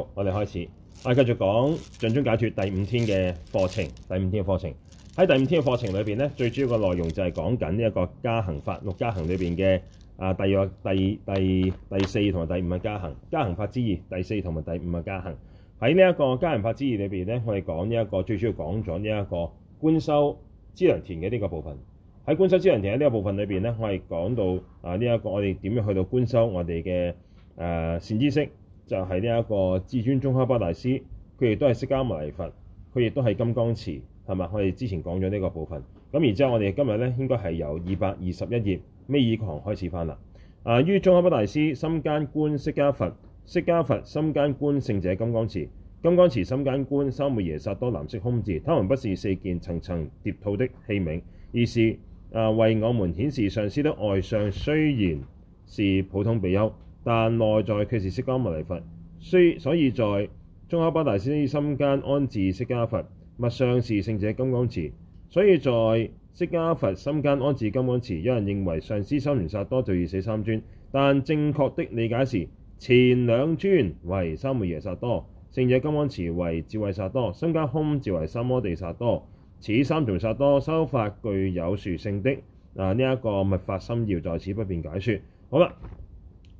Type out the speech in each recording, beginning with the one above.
好我哋開始，啊，繼續講掌中解脫第五天嘅課程，第五天嘅課程喺第五天嘅課程裏邊咧，最主要嘅內容就係講緊呢一個加行法六加行裏邊嘅啊，第二、第、第、第四同埋第五嘅加行，加行法之二第四同埋第五嘅加行。喺呢一個加行法之二裏邊咧，我哋講呢一個最主要講咗呢一個觀修資糧田嘅呢個部分。喺觀修資糧田嘅呢個部分裏邊咧，我哋講到啊呢一個我哋點樣去到觀修我哋嘅誒善知識。就係呢一個至尊宗喀巴大師，佢亦都係釋迦牟尼佛，佢亦都係金剛持，係嘛？我哋之前講咗呢個部分。咁然之後我，我哋今日咧應該係由二百二十一頁尾二行開始翻啦。啊，於宗喀巴大師心間觀釋迦佛，釋迦佛心間觀勝者金剛持，金剛持心間觀三昧耶薩埵藍色吽字。他們不是四件層層疊套的器皿，而是啊為我們顯示上師的外相，雖然是普通比丘。但內在卻是釋迦牟尼佛，所以在宗喀巴大師心間安置釋迦佛，密相是勝者金剛持。所以在釋迦佛心間安置金剛持。有人認為上師三重薩埵就是這三尊，但正確的理解是前兩尊為三昧耶薩埵，勝者金剛持為智慧薩埵，心間吽字為三摩地薩埵。此三重薩埵修法具有殊勝的啊！呢、這、一個密法深要在此不便解說。好啦。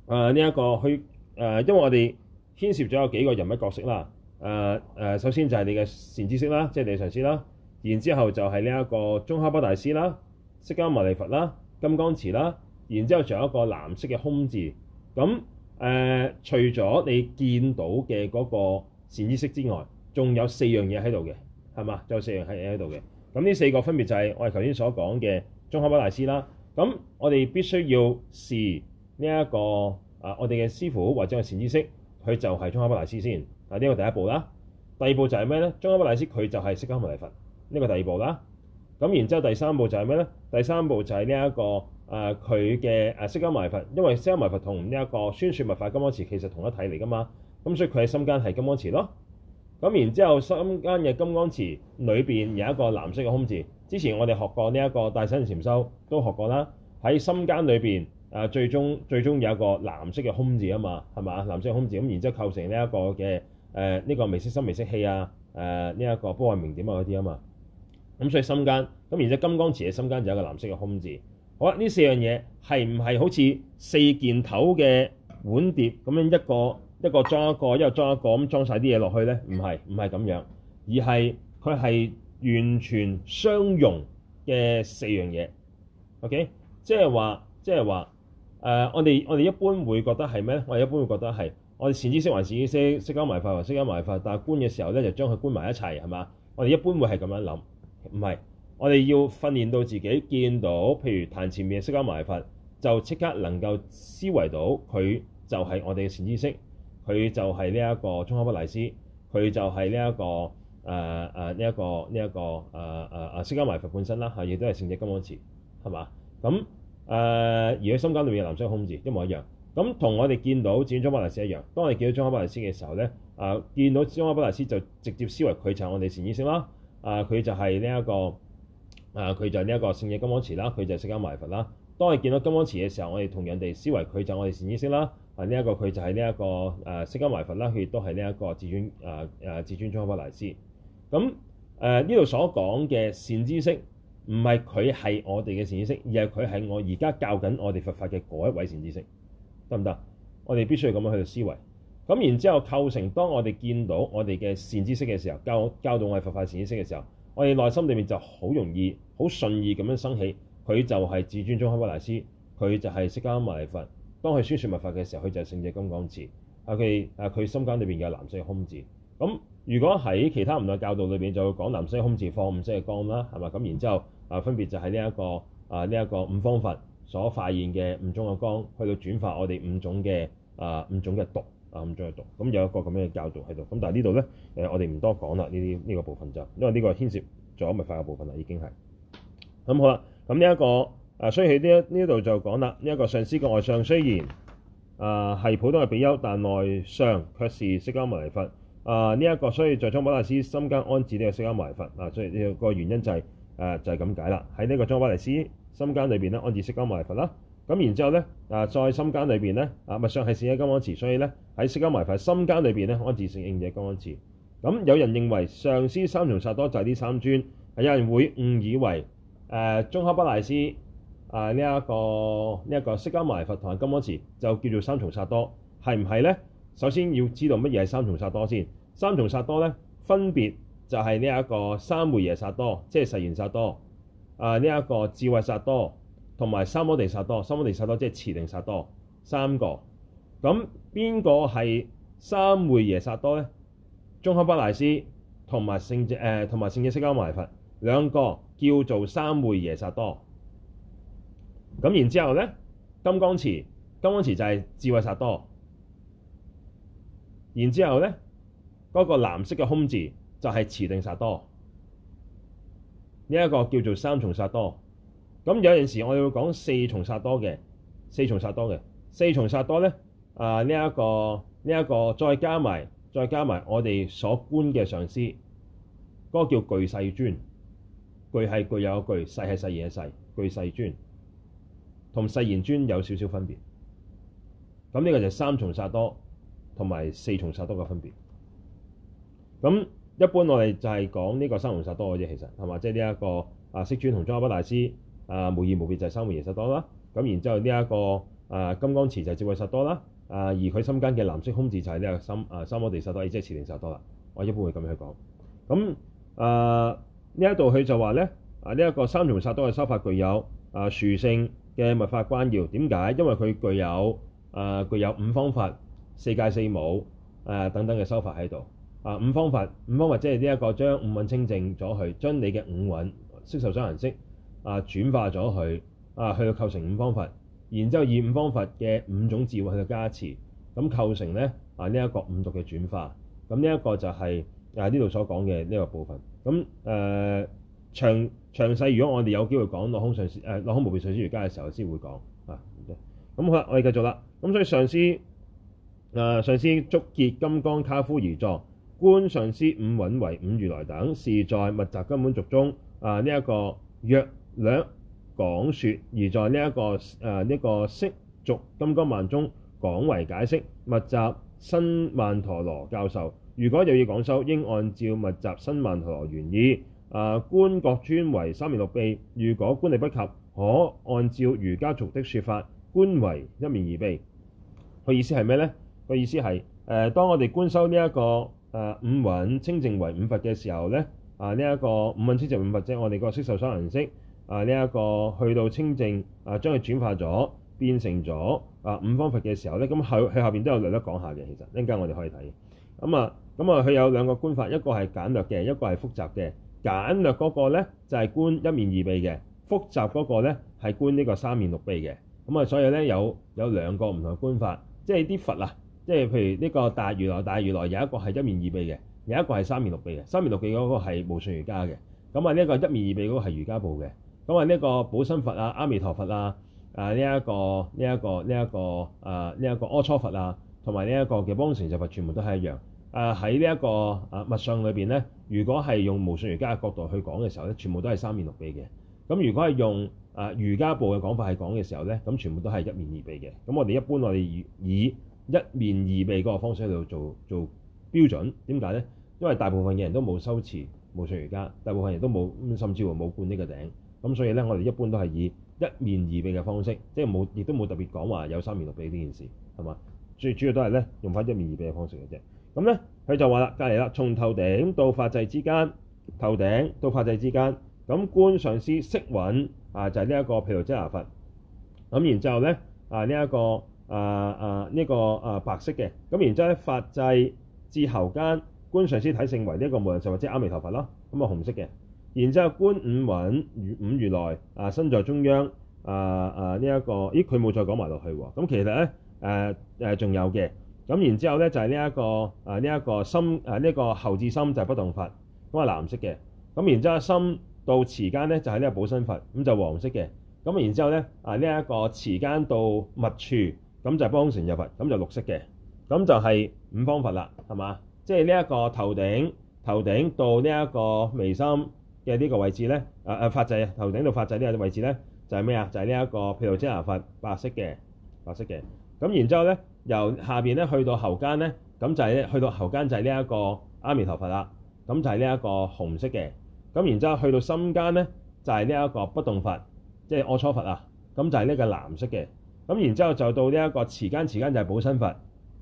啊！呢一、呃這個去誒、呃，因為我哋牽涉咗有幾個人物角色啦。誒、呃呃、首先就係你嘅善知識啦，即係你嘅上師啦。然之後就係呢一個宗喀巴大師啦、釋迦牟尼佛啦、金剛持啦。然之後仲有一個藍色嘅吽字。咁誒、呃，除咗你見到嘅嗰個善知識之外，仲有四樣嘢喺度嘅，係嘛？仲有四樣喺嘢喺度嘅。咁呢四個分別就係我哋頭先所講嘅宗喀巴大師啦。咁我哋必須要試。呢一個啊，我哋嘅師父或者係善知識，佢就係宗喀巴大師先。啊，呢個第一步啦。第二步就係咩咧？宗喀巴大師佢就係釋迦牟尼佛，呢個第二步啦。咁然之後第三步就係咩咧？第三步就係呢一個佢嘅啊釋迦牟尼佛，因為釋迦牟尼佛同呢一個宣說密法金剛持，其實同一體嚟噶嘛。咁所以佢喺心間係金剛持咯。咁然之後心間嘅金剛持裏面有一個藍色嘅吽字。之前我哋學過呢一個大乘禪修都學過啦，喺心間裏邊。誒、啊、最終最終有一個藍色嘅吽字啊嘛，係嘛？藍色嘅吽字咁，然之後構成呢一個嘅誒呢個微細心微細氣啊誒呢一個波幻明點啊嗰啲啊嘛，咁、嗯、所以心間咁，然之後金剛持嘅心間就有一個藍色嘅吽字。好啦，呢四樣嘢係唔係好似四件頭嘅碗碟咁樣一個一個裝一個，一個裝一個咁裝晒啲嘢落去咧？唔係唔係咁樣，而係佢係完全相融嘅四樣嘢。OK，即係話即係話。就是說 Uh, 我哋我哋一般會覺得係咩咧？我哋一般會覺得係，我哋善知識還是善知識，釋迦埋佛還是釋迦埋佛，但係觀嘅時候咧，就將佢觀埋一齊，係嘛？我哋一般會係咁樣諗，唔係，我哋要訓練到自己見到，譬如彈前面嘅釋迦埋佛，就即刻能夠思維到佢就係我哋嘅善知識，佢就係呢一個中阿不麗斯，佢就係呢一個誒誒呢一個呢一、這個誒、啊啊、釋迦埋佛本身啦，嚇、啊，亦都係勝者金剛持，係嘛？咁。誒、呃，而佢心間裏面嘅藍色吽字一模一樣，咁同我哋見到至尊宗喀巴大師一樣。當我哋見到宗喀巴大師嘅時候咧，啊、呃，見到宗喀巴大師就直接思維佢就係我哋善知識啦。啊、呃，佢就係呢一個啊，佢、呃、就係呢一個勝者金剛持啦，佢就係釋迦牟尼佛啦。當我哋見到金剛持嘅時候，我哋同樣地思維佢就係我哋善知識啦。啊、這個這個，呢一個佢就係呢一個釋迦牟尼佛啦，佢亦都係呢一個至尊啊啊，至、呃、尊宗喀巴大師。咁呢度所講嘅善知識。唔係佢係我哋嘅善知識，而係佢係我而家教緊我哋佛法嘅嗰一位善知識，得唔得？我哋必須要咁樣去嘅思維。咁然之後構成，當我哋見到我哋嘅善知識嘅時候，教教導我哋佛法善知識嘅時候，我哋內心裏面就好容易、好順意咁樣生起，佢就係至尊宗喀巴大師，佢就係釋迦牟尼佛。當佢宣説佛法嘅時候，佢就係勝者金剛持。啊，佢，啊，佢心間裏邊有藍色嘅吽字。咁如果喺其他唔同嘅教導裏邊就會講藍色嘅吽字放五色嘅光啦，係嘛？咁然之後。啊，分別就係呢一個啊，呢一個五方佛所發現嘅五種嘅光，去到轉化我哋五種嘅，啊五種嘅毒，啊五種嘅毒，咁有一個咁樣嘅教導喺度。咁但係呢度咧誒，我哋唔多講啦。呢啲呢個部分就因為呢個牽涉咗密法嘅部分啦，已經係咁好啦。咁呢一個啊，所以呢一呢度就講啦，呢一個上師嘅外相雖然啊係普通嘅比丘，但內相卻是釋迦牟尼佛啊。呢一個所以，在宗喀巴大師心間安置呢個釋迦牟尼佛啊，所以呢個個原因就係。誒、啊、就係、是、咁解啦，喺呢個宗喀巴大師，心間裏邊咧安置釋迦牟尼佛啦，咁、啊、然之後咧啊再心間裏邊咧啊密相係勝者金剛持。所以咧喺釋迦牟尼佛心間裏邊咧安置勝者金剛持。咁、啊、有人認為上師三重薩埵就係呢三尊、啊，有人會誤以為誒、呃、宗喀巴大師啊呢一、這個呢一、這個釋迦牟尼佛同埋金剛持就叫做三重薩埵，係唔係咧？首先要知道乜嘢係三重薩埵先。三重薩埵咧分別，就係呢一個三昧耶薩埵、就是多，呃、這個、多，多，多，即係實現薩埵。啊，呢一個智慧薩埵，同埋三摩地薩埵。三摩地薩埵即係持定薩埵，三個。咁邊個係三昧耶薩埵咧？宗喀巴大師同、呃、埋聖者誒，同埋聖者釋迦牟尼佛兩個叫做三昧耶薩埵。咁然之後咧，金剛持，金剛持就係智慧薩埵。然之後咧，嗰、那個藍色嘅吽字。就係持定薩埵，呢、這、一個叫做三重薩埵。咁有陣時我哋會講四重薩埵嘅，四重薩埵嘅，四重薩埵咧啊！呢、這、一個呢一、這個再加埋再加埋我哋所觀嘅上師，嗰、那個叫具誓尊，具係具有嘅具，誓係誓言嘅誓，具誓尊同誓言尊有少少分別。咁呢個就係三重薩埵同埋四重薩埵嘅分別。咁一般我哋就係講呢個三重薩埵嘅啫，其實係嘛？即係呢一個啊，釋尊同宗喀巴大師啊，無二無別就係三昧耶薩埵啦。咁、啊、然之後呢、這、一個啊，金剛持就係智慧薩埵啦。啊，而佢心間嘅藍色吽字就係呢個三啊，三摩地薩埵，即係持定薩埵啦。我一般會咁樣去講。咁啊，呢一度佢就話咧啊，呢、這、一個三重薩埵嘅修法具有啊，殊勝嘅密法關要。點解？因為佢具有啊，具有五方法、四界四母、啊、等等嘅修法喺度。啊！五方佛，五方佛即係呢一個將五蘊清淨咗，佢將你嘅五蘊色受想行識啊轉化咗佢啊，去到構成五方佛，然之後以五方佛嘅五種智慧去加持，咁構成咧啊呢一、啊這個五毒嘅轉化。咁呢一個就係、是、啊呢度所講嘅呢個部分。咁誒詳詳細，如果我哋有機會講落空上誒落空無別上師瑜伽嘅時候先會講啊。咁好啦，我哋繼續啦。咁所以上師，啊，上師足結金剛跏趺而坐。觀上師五蘊為五如來等，是在《密集根本續》中啊呢一、這個約略講說，而在呢、這、一個誒呢一個釋續《金剛鬘》中講為解釋《密集身曼荼羅》教授。如果又要講修，應按照《密集身曼荼羅》原意啊。觀各尊為三面六臂，如果觀力不及，可按照瑜伽續的說法，觀為一面二臂。佢意思係咩呢？佢意思係誒、呃，當我哋觀修呢一個。誒、啊、五蘊清淨為五佛嘅時候咧，啊呢一、這個五蘊清淨五佛即係、就是、我哋個色受想行識啊呢一、這個去到清淨啊將佢轉化咗變成咗啊五方佛嘅時候咧，咁後佢後邊都有略得講下嘅，其實陣間我哋可以睇。咁啊咁啊佢有兩個觀法，一個係簡略嘅，一個係複雜嘅。簡略嗰個咧就係、是、觀一面二臂嘅，複雜嗰個咧係觀呢個三面六臂嘅。咁啊所以咧有有兩個唔同嘅觀法，即係啲佛啊。即係譬如呢個大如來，大如來有一個係一面二臂嘅，有一個係三面六臂嘅。三面六臂嗰個係無上瑜伽嘅，咁啊呢一個一面二臂嗰個係瑜伽部嘅。咁啊呢個寶生佛啊、阿彌陀佛啊、這個這個這個、啊呢一個呢一個呢一個啊呢一個阿閦佛啊，同埋呢一個嘅不空成就佛，佛全部都係一樣。誒喺呢一個誒密相裏邊咧，如果係用無上瑜伽嘅角度去講嘅時候咧，全部都係三面六臂嘅。咁如果係用誒瑜伽部嘅講法去講嘅時候咧，咁全部都係一面二臂嘅。咁我哋一般我哋以一面二臂嗰個方式喺度做做標準，點解呢？因為大部分嘅人都冇修持，無上瑜伽，大部分人都冇，甚至乎冇灌呢個頂，咁所以呢，我哋一般都係以一面二臂嘅方式，即係冇，亦都冇特別講話有三面六臂呢件事，係嘛？最主要都係呢，用翻一面二臂嘅方式嘅啫。咁呢，佢就話啦，隔離啦，從頭頂到髮際之間，頭頂到髮際之間，咁觀上師色蘊啊，就係呢一個毘盧遮那佛。咁、啊、然之後呢，啊呢一、這個。啊啊呢、這個啊白色嘅，咁然之後咧，髮際至喉間，觀上師體性為呢一個無量壽或者阿彌陀佛咯，咁啊紅色嘅，然之後觀五蘊五如來啊身在中央，啊啊呢一、這個咦佢冇再講埋落去喎，咁、啊、其實咧誒誒仲有嘅，咁然之後咧就係呢一個啊呢一、這個心啊呢、這個喉至心就係不動佛，咁啊藍色嘅，咁然之後心到臍間咧就係、是、呢個寶生佛，咁就黃色嘅，咁然之後咧啊呢一、這個臍間到密處。咁就係方城入佛，咁就綠色嘅，咁就係五方佛啦，係嘛？即係呢一個頭頂頭頂到呢一個眉心嘅呢個位置咧，誒誒髮際，頭頂到髮際呢個位置咧、啊，就係咩啊？就係呢一個毗盧遮那佛，白色嘅，白色嘅。咁然之後咧，由下面咧去到喉間咧，咁就係、是、去到喉間就係呢一個阿彌陀佛啦，咁就係呢一個紅色嘅。咁然之後去到心間咧，就係呢一個不動佛，即、就、係、是、阿閦佛啊，咁就係呢個藍色嘅。咁然之後就到呢、這、一個臍間，臍間就係寶生佛，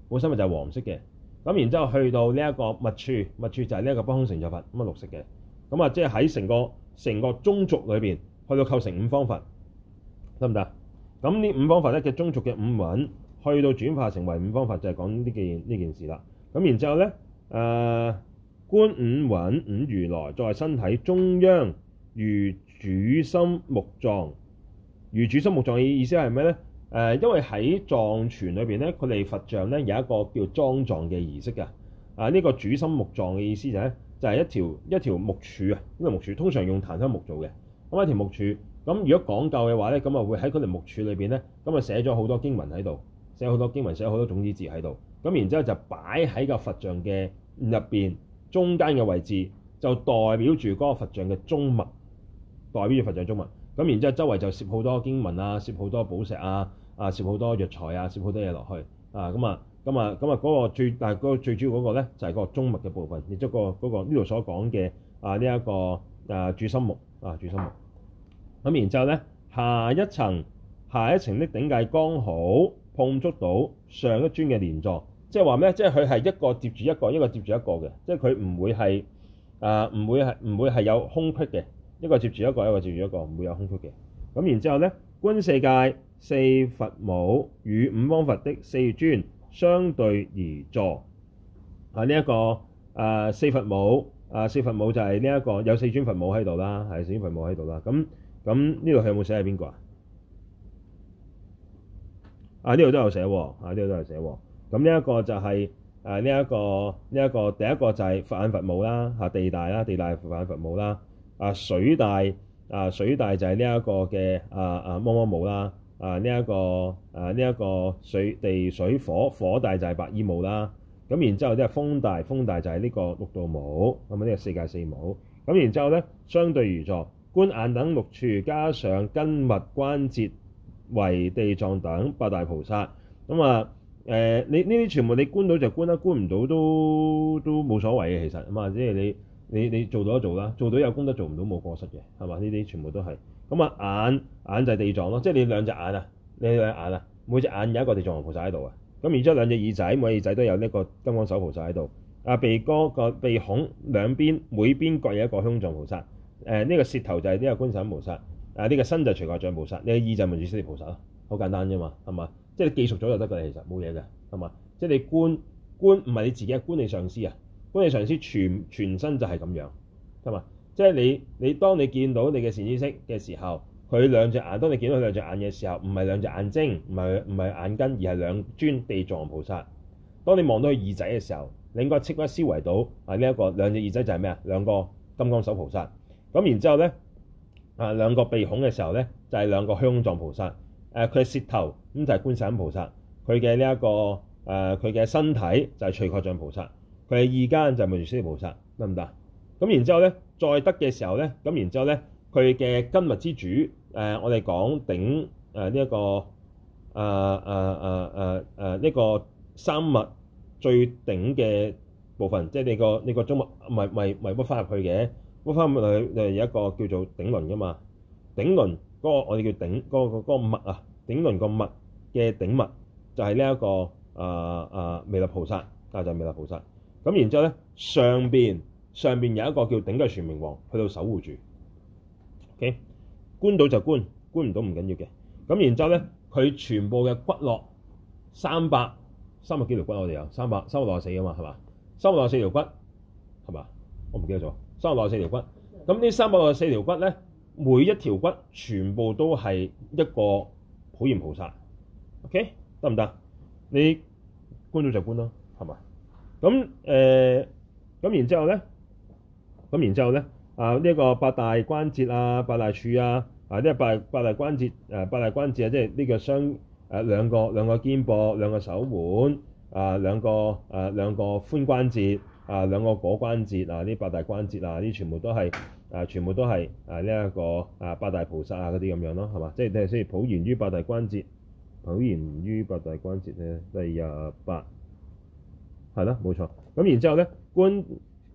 寶生佛就係黃色嘅。咁然之後去到呢一個密處，密處就係呢一個不空成就佛，咁啊綠色嘅。咁啊，即係喺成個成個宗族裏面去到構成五方佛得唔得？咁呢五方佛咧嘅宗族嘅五蘊去到轉化成為五方佛，就係講呢件呢件事啦。咁然之後咧，誒、呃、觀五蘊五如來在身體中央如主心木狀，如主心木狀嘅意思係咩咧？誒，因為喺藏傳裏邊咧，佢哋佛像咧有一個叫裝藏嘅儀式㗎。啊，呢個主心木狀嘅意思就係，就係一條一條木柱啊，呢條木柱通常用檀香木做嘅。咁一條木柱，咁如果講究嘅話咧，咁啊會喺佢哋木柱裏邊咧，咁啊寫咗好多經文喺度，寫好多經文，寫好多種子字喺度。咁然之後就擺喺個佛像嘅入邊中間嘅位置，就代表住嗰個佛像嘅中脈，代表住佛像嘅中脈。咁然之後，周圍就攝好多經文啊，攝好多寶石啊，啊，攝好多藥材啊，攝、啊、好多嘢落去啊。咁啊，咁啊，咁啊，嗰、啊啊啊啊這個最，但係最主要嗰個咧，就係個中脈嘅部分，亦即係個嗰、這個呢度、這個、所講嘅啊呢一、這個啊主心木啊主心木。咁、啊啊、然之後咧，下一層，下一層的頂髻剛好碰觸到上一尊嘅蓮座，即係話咩？即係佢係一個接住一個，一個接住一個嘅，即係佢唔會係啊唔會係唔會係有空隙嘅。一個接住一個，一個接住一個，唔會有空隙嘅。咁然之後咧，觀四界四佛母與五方佛的四尊相對而坐。啊、這個，呢一個啊，四佛母啊、呃，四佛母就係呢一個有四尊佛母喺度啦，係四尊佛母喺度啦。咁咁呢度佢有冇寫係邊個啊？啊，呢度都有寫喎，啊，呢度都有寫喎。咁呢一個就係誒呢一個呢一、這個第一個就係佛眼佛母啦，嚇地大啦，地大，地大佛眼佛母啦。啊，水大啊水大就係呢一個嘅啊啊摩摩母啦，啊呢一、這個啊呢一、這個水地水火火大就係白衣母啦，咁然之後即係風大風大就係呢個綠度母咁，啊呢、這個四界四母咁、啊、然之後咧，相對而坐，觀眼等六處加上筋脈關節為地藏等八大菩薩。咁啊誒、呃、你呢啲全部你觀到就觀得，觀唔到都都冇所謂嘅其實，啊即係你。你你做到都做啦，做到有功德，做唔到冇過失嘅，係嘛？呢啲全部都係。咁啊眼眼就係地藏咯，即係你兩隻眼啊，你兩隻眼啊，每隻眼有一個地藏王菩薩喺度啊。咁然之後兩隻耳仔，每隻耳仔都有呢個金剛手菩薩喺度。啊鼻哥個鼻孔兩邊每邊各有一個胸藏菩薩。誒、呃、呢、這個舌頭就係呢個觀世音菩薩。啊、呃、呢、這個身就除蓋障菩薩，呢個耳就文殊師利菩薩咯。好簡單啫嘛，係嘛？即係你記熟咗就得嘅，其實冇嘢嘅，係嘛？即係你觀觀唔係你自己嘅觀，你上師啊。觀上師全全身就係咁樣，係嘛？即係你你當你見到你嘅善知識嘅時候，佢兩隻眼，當你見到佢兩隻眼嘅時候，唔係兩隻眼睛，唔係唔係眼根，而係兩尊地藏菩薩。當你望到佢耳仔嘅時候，你應該識得思維到啊！呢、這、一個兩隻耳仔就係咩啊？兩個金剛手菩薩。咁然之後咧啊，兩個鼻孔嘅時候咧就係、是、兩個虛空藏菩薩。誒、啊，佢嘅舌頭咁就係、是、觀世音菩薩。佢嘅呢一個誒，佢、啊、嘅身體就係除蓋障菩薩。佢係二間就係彌勒菩薩，得唔得？咁然之後咧，再得嘅時候咧，咁然之後咧，佢嘅根脈之主，誒、這個，我哋講頂誒呢一個啊啊啊啊啊呢三脈最頂嘅部分，即係你個你個中脈唔係唔係唔會入去嘅，會花入去就有一個叫做頂輪噶嘛。頂輪嗰、那個我哋叫頂嗰、那個脈啊，頂輪的的頂、這個脈嘅頂脈就係呢一個啊啊彌勒菩薩，啊就係彌勒菩薩。咁然之後咧，上面上邊有一個叫頂嘅全明王去到守護住。OK，觀到就觀，觀唔到唔緊要嘅。咁然之後咧，佢全部嘅骨骼，三百三百幾條骨我哋有三百三百六十四嘅嘛係嘛？三百六十四條骨係嘛？我唔記得咗，三百六十四條骨。咁呢三百六十四條骨咧，每一條骨全部都係一個普賢菩薩。O K，得唔得？你觀到就觀咯，係咪？咁誒，咁、呃、然之後咧，咁然之後咧，啊呢、這個八大關節啊，八大處啊，啊呢、這個八八大關節、啊、八大關節啊，即係呢個雙誒、啊、兩個兩個肩膊，兩個手腕啊，兩個誒、啊、兩個髖關節啊，兩個果關節啊，呢、這個、八大關節啊，呢全部都係啊全部都係啊呢一、這個啊八大菩薩啊嗰啲咁樣咯，係嘛？即係即係雖然普賢於八大關節，普賢於八大關節咧，第廿八。係啦，冇錯。咁然之後咧，觀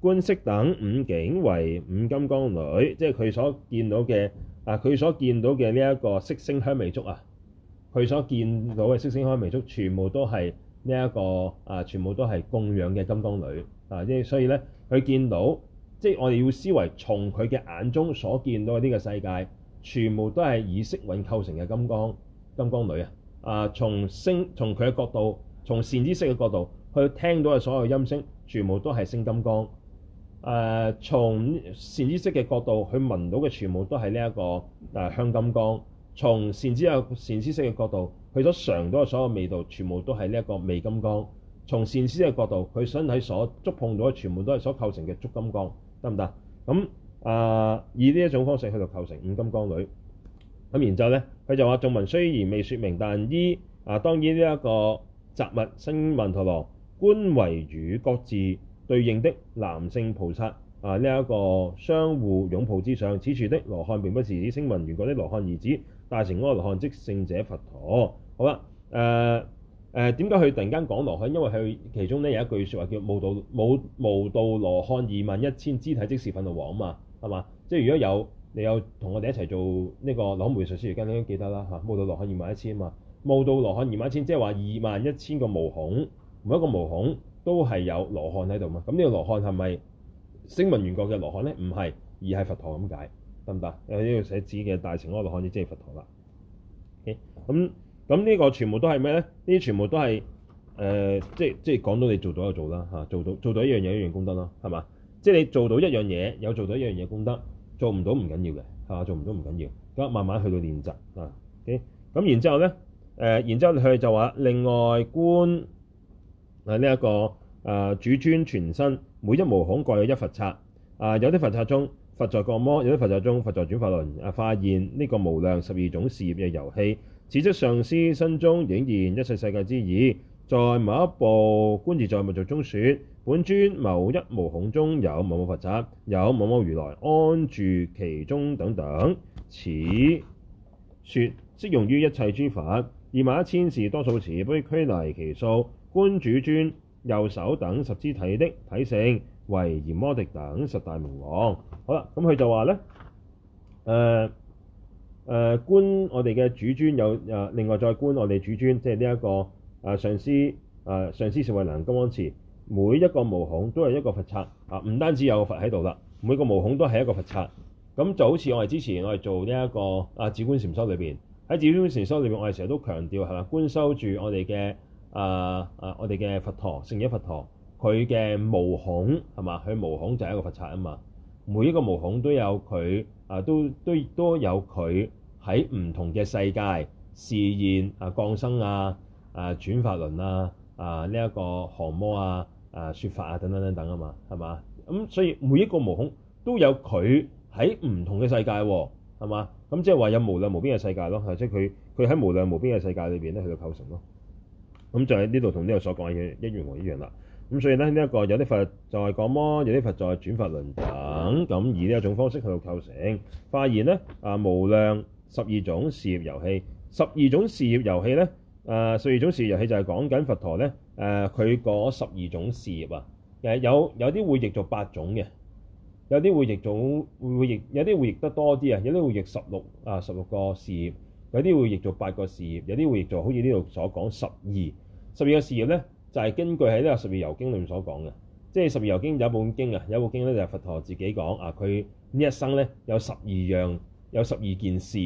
觀色等五境為五金剛女，即係佢所見到嘅啊。佢所見到嘅呢一個色聲香味觸啊，佢所見到嘅色聲香味觸全部都係呢一個啊，全部都係供養嘅金剛女啊。即係所以咧，佢見到即係我哋要思維，從佢嘅眼中所見到嘅呢個世界，全部都係以色蘊構成嘅金剛金剛女啊。啊，從聲從佢嘅角度，從善知識嘅角度。佢聽到嘅所有音聲，全部都係聲金剛、呃。從善知識嘅角度，佢聞到嘅全部都係呢一個、呃、香金剛。從善知啊善知識嘅角度，佢所嘗到嘅所有味道，全部都係呢一個味金剛。從善知嘅角度，佢身體所觸碰到嘅全部都係所構成嘅觸金剛，得唔得？咁啊、呃，以呢一種方式去到構成五金剛女。咁然之後呢，佢就話頌文雖然未說明，但依啊當然呢一個集密身曼荼羅。觀為與各自對應的男性菩薩啊，呢、這、一個相互擁抱之相，此處的羅漢並不是指聲聞緣覺的羅漢，而是，大乘阿羅漢即聖者佛陀。好啦，誒誒點解佢突然間講羅漢？因為佢其中咧有一句説話叫「無道無無道羅漢二萬一千肢體即是憤怒王」啊嘛，係嘛？即係如果有你有同我哋一齊做呢個羅漢術師《攞梅術書》而家應該記得啦嚇，無道羅漢二萬一千嘛，無道羅漢二萬一千，即係話二萬一千個毛孔。每一個毛孔都係有羅漢喺度嘛？咁呢個羅漢係咪聲聞緣覺嘅羅漢咧？唔係，而係佛陀咁解得唔得？因為呢度寫字嘅大乘羅羅漢，只即係佛陀啦。咁咁呢個全部都係咩咧？呢啲全部都係誒，即、呃、即、就是就是、講到你做到就做啦嚇、啊，做到做到一樣嘢一樣功德咯，係嘛？即、就、係、是、你做到一樣嘢有做到一樣嘢功德，做唔到唔緊要嘅嚇，做唔到唔緊要咁，慢慢去到練習啊。咁、okay? 然之後咧誒、呃，然之後佢就話另外觀。係呢一個、啊、主尊全身每一毛孔各有一佛剎。啊，有啲佛剎中佛在降魔，有啲佛剎中佛在轉法輪。啊，化現呢個無量十二種事業嘅遊戲，此即上師身中映現一切世，世界之意。在某一部觀自在密續中說：本尊某一毛孔中有某某佛剎，有某某如來安住其中等等。此說適用於一切諸佛，二萬一千字多數詞不拘泥其數。觀主尊右手等十肢體的體性為閻摩敵等十大明王，好啦，咁佢就話咧，誒誒觀我哋嘅主尊有誒、呃，另外再觀我哋主尊，即係呢一個誒、呃、上師誒、呃、上師成慧能金剛持，每一個毛孔都係一個佛剎啊，唔單止有個佛喺度啦，每個毛孔都係一個佛剎，咁就好似我哋之前我哋做呢、這、一個啊止觀禪修裏邊，喺止觀禪修裏邊，我哋成日都強調係啦，觀修住我哋嘅。啊啊！我哋嘅佛陀，聖者佛陀，佢嘅毛孔係嘛？佢毛孔就係一個佛剎啊嘛。每一個毛孔都有佢啊，都都都有佢喺唔同嘅世界示現啊降生啊啊轉法輪啦啊呢一、啊這個降魔啊啊說法啊等等等等啊嘛係嘛？咁所以每一個毛孔都有佢喺唔同嘅世界喎係嘛？咁即係話有無量無邊嘅世界咯，即係佢佢喺無量無邊嘅世界裏邊咧去到構成咯。咁就喺呢度同呢度所講嘅一樣同一樣啦。咁所以咧呢一個有啲佛在講魔，有啲佛在轉法輪等。咁以呢一種方式去到構成，發現咧啊無量十二種事業遊戲。十二種事業遊戲咧，誒、啊、十二種事業遊戲就係講緊佛陀咧，誒佢嗰十二種事業啊。有有啲會譯做八種嘅，有啲會譯做會會譯，有啲會譯得多啲啊，有啲會譯十六啊十六個事業，有啲會譯做八個事業，有啲會譯做好似呢度所講十二。十二個事業咧，就係、係、根據喺呢個十二遊經裏面所講嘅，即係十二遊經有一本經啊，有一部經咧就係佛陀自己講啊，佢呢一生咧有十二樣，有十二件事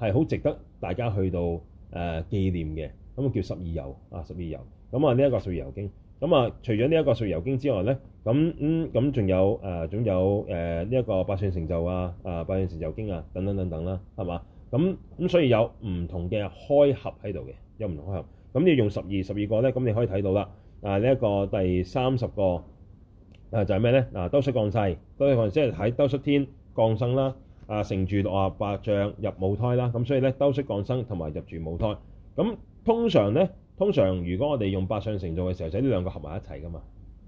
係好值得大家去到誒、呃、紀念嘅，咁啊叫十二遊啊，十二遊咁啊呢一個十二遊經，咁啊除咗呢一個十二遊經之外咧，咁咁咁仲有仲、呃、有呢一、呃呢個八善成就啊，啊八善成就經啊等等等等啦、啊，係嘛？咁咁所以有唔同嘅開合喺度嘅，有唔同開合。咁你要用十二十二個咧，咁你可以睇到啦。啊，呢一個第三十個啊就係咩咧？嗱，兜出降世，兜出降世即係喺兜出天降生啦。啊，乘住六牙白象入母胎啦。咁所以咧，兜出降生同埋入住母胎。咁通常咧，通常如果我哋用八相成道嘅時候，就呢兩個合埋一齊噶嘛，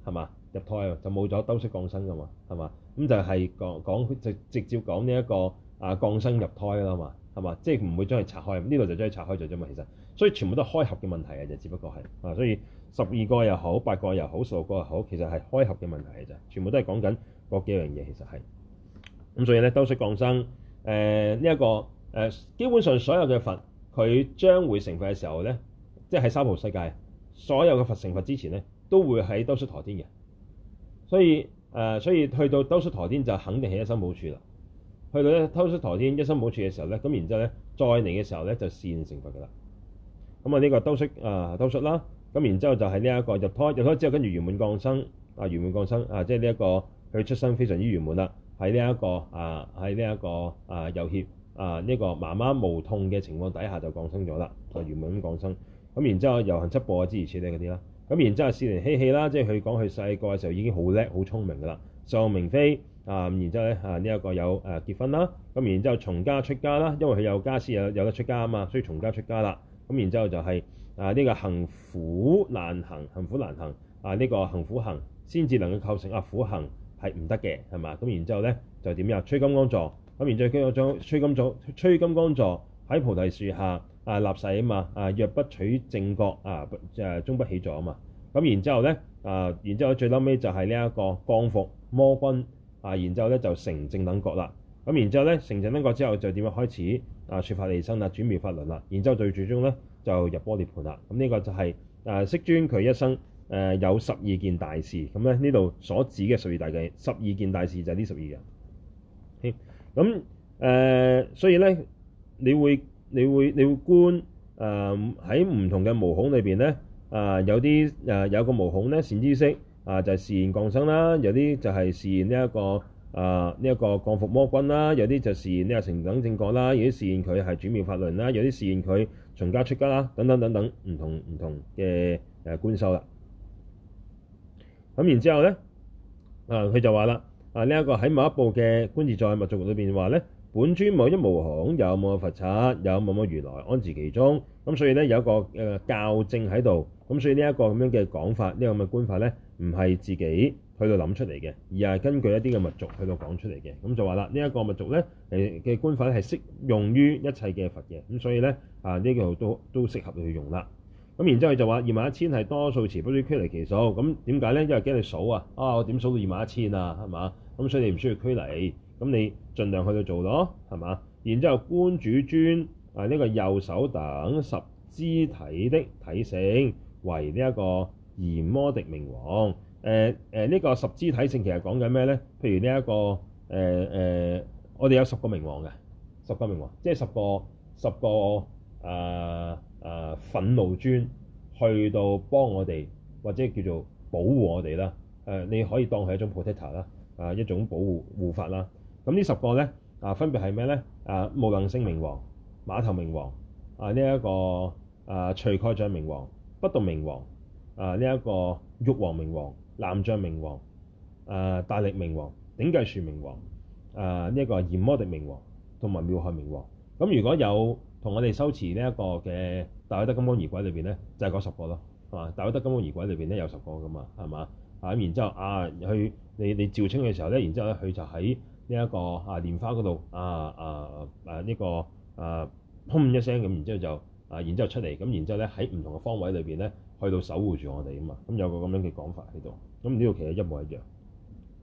係嘛？入胎就冇咗兜出降生噶嘛，係嘛？咁就係講講直直接講呢一個啊降生入胎啦嘛。係嘛？即係唔會將佢拆開，呢度就將佢拆開咗啫嘛。其實，所以全部都係開合嘅問題啊！就只不過係啊，所以十二個又好，八個又好，數個又好，其實係開合嘅問題嘅啫。全部都係講緊嗰幾樣嘢，其實係咁。所以咧，兜率降生，誒呢一個誒、呃，基本上所有嘅佛佢將會成佛嘅時候咧，即係喺娑婆世界，所有嘅佛成佛之前咧，都會喺兜率陀天嘅。所以誒、呃，所以去到兜率陀天就肯定係一生補處啦。去到兜率陀天，一生補處嘅時候咧，咁然之後咧再嚟嘅時候咧就示現成佛噶、啊這個啊、啦。咁啊呢個兜率啊兜率啦，咁然之後就係呢一個入胎，入胎之後跟住圓滿降生啊，圓滿降生啊，即係呢一個佢出生非常之圓滿啦。喺呢一個啊，喺呢一個啊，右脅啊呢、這個媽媽無痛嘅情況底下就降生咗啦，就圓滿咁降生。咁然之後遊行七步啊之如此類嗰啲啦。咁然之後少年嬉戲啦，即係佢講佢細個嘅時候已經好叻好聰明噶啦，受明妃。啊、嗯！然之後咧，啊呢一個有誒結婚啦，咁然之後從家出家啦，因為佢有家私，有有得出家啊嘛，所以從家出家啦。咁然之後就係、是、啊呢、這個行苦難行，行苦難行啊呢、這個行苦行先至能夠構成啊，苦行係唔得嘅係嘛？咁然之後咧就點樣吹金剛座，咁然之後經過將吹金座吹金剛座喺菩提樹下，啊立誓啊嘛，啊若不取正覺啊誒終不起座啊嘛。咁然之後咧啊，然之後最撚尾就係呢一個降伏魔君。啊，然之後咧就成正等覺啦，咁然之後咧成正等覺之後就點樣開始啊？說法利生啦，轉妙法輪啦，然之後最最終咧就入般涅槃啦。咁、這、呢個就係誒釋尊佢一生誒有十二件大事，咁咧呢度所指嘅十二大嘅十二件大事就係呢十二嘅。咁、嗯、誒、呃，所以咧你會你會你會觀誒喺唔同嘅毛孔裏邊咧啊，有啲誒、呃、有個毛孔咧善知識。啊！就係示現降生啦，有啲就係示現呢一個啊，呢、這、一、個、降伏魔君啦，有啲就示現呢個成等正覺啦，有啲示現佢係轉變法輪啦，有啲示現佢從家出家啦，等等等等唔同唔同嘅誒觀修啦。咁然之後咧啊，佢就話啦啊，呢一、啊這個喺某一部嘅觀自在密續裏面話咧，本尊某一毛孔，有某某佛剎，有某某如來安置其中。咁所以咧有一個誒、呃、教證喺度。咁所以呢一個咁樣嘅講法，呢、這個咁嘅觀法咧。唔係自己去到諗出嚟嘅，而係根據一啲嘅物俗去到講出嚟嘅。咁就話啦，呢一個物俗咧，嘅觀法係適用於一切嘅佛嘅。咁所以咧，啊呢個都都適合去用啦。咁然之後就話二萬一千係多數詞，不必拘泥其數。咁點解咧？因為驚你數啊，啊我點數到二萬一千啊，係嘛？咁所以你唔需要拘泥，咁你盡量去到做咯，係嘛？然之後觀主尊啊，呢個右手等十肢體的體性為呢一個。而摩敵明王，誒誒呢個十肢體性其實講緊咩咧？譬如呢、這、一個誒誒、呃呃，我哋有十個明王嘅十個明王，即係十個十個誒誒、呃呃、憤怒尊去到幫我哋或者叫做保護我哋啦。誒、呃，你可以當係一種 protector 啦、呃，啊一種保護護法啦。咁呢十個咧啊、呃，分別係咩咧？啊、呃，無能勝明王、馬頭明王啊，呢、呃、一、這個啊，除、呃、蓋掌明王、不動明王。啊！呢一個玉皇明王、南將明王、啊大力明王、頂計樹明王、啊呢一個閻摩敵明王同埋妙害明王。咁如果有同我哋修持呢一個嘅《大威德金剛儀軌》裏面咧，就係嗰十個咯，係嘛？《大威德金剛儀軌》裏面咧有十個噶嘛，係嘛？咁然之後啊，去、啊、你你照清嘅時候咧，然之後咧佢就喺呢一個啊蓮花嗰度啊啊啊呢個啊砰一聲咁，然之後就啊，然之後出嚟咁，然之後咧喺唔同嘅方位裏面咧。去到守護住我哋啊嘛，咁有個咁樣嘅講法喺度，咁呢度其實一模一樣。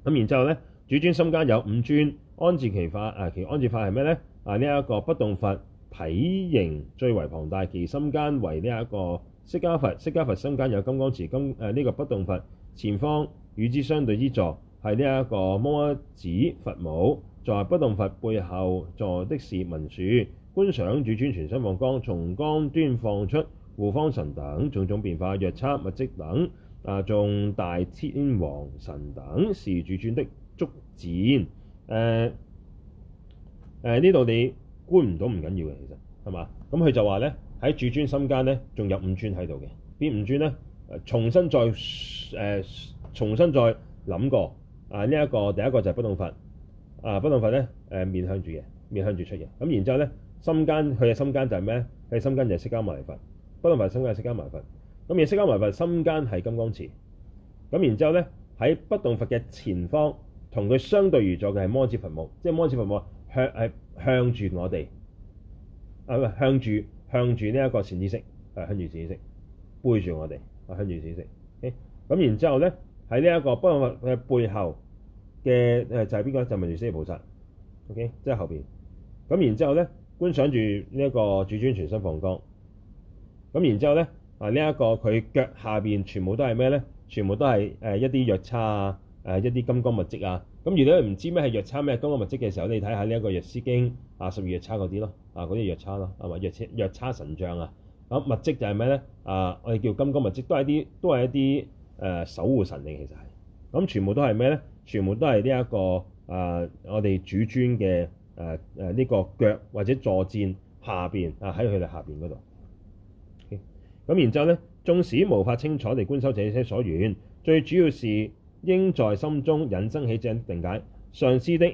咁然之後咧，主尊心間有五尊安置其法。啊，其安置法係咩咧？啊，呢、這、一個不動佛體型最為龐大，其心間為呢一個釋迦佛。釋迦佛心間有金剛持。金。誒、啊，呢、這個不動佛前方與之相對之座係呢一個摩子佛母，在不動佛背後坐的是文殊，觀想主尊全身放光，從光端放出，護方神等種種變化，藥叉密跡等啊，眾大天王神等是主尊的足墊。誒、呃、誒，呢、呃、度你觀唔到唔緊要嘅，其實係嘛？咁佢就話咧，喺主尊心間咧，仲有五尊喺度嘅。邊五尊咧、呃，重新再誒、呃，重新再諗過啊。呢、這、一個第一個就係不動佛啊，不動佛咧誒，面向住嘢，面向住出嘢。咁然之後咧，心間佢嘅心間就係咩咧？佢心間就係釋迦牟尼佛。不動佛的心間釋迦佛，咁而釋迦佛心間係金剛持。咁然之後咧喺不動佛嘅前方，同佢相對而坐嘅係摩枳佛母，即係摩枳佛母向係向住我哋，啊向住向住呢一個善知識，向住善知識背住我哋，啊向住善知識，咁、okay? 然之後咧喺呢一個不動佛嘅背後嘅就係邊個？就係文殊菩薩，OK，即係後邊，咁然之後咧觀想住呢一個主尊全身放光。咁然之後咧，啊呢一個佢腳下面全部都係咩咧？全部都係一啲藥叉啊，一啲金剛密跡啊。咁如果唔知咩係藥叉咩係金剛密跡嘅時候，你睇下呢一個《藥師經》啊，十二藥叉嗰啲咯，啊嗰啲藥叉咯，係嘛？藥叉藥叉神像啊，咁密跡就係咩咧？啊我哋叫金剛密跡，都係啲都係一啲誒守護神靈其實係，咁全部都係咩咧？全部都係呢一個啊、呃、我哋主尊嘅誒呢個腳或者坐墊下面，啊喺佢哋下面嗰度。咁然之後咧，縱使無法清楚地觀修這些所緣，最主要是應在心中引生起正定解。上師的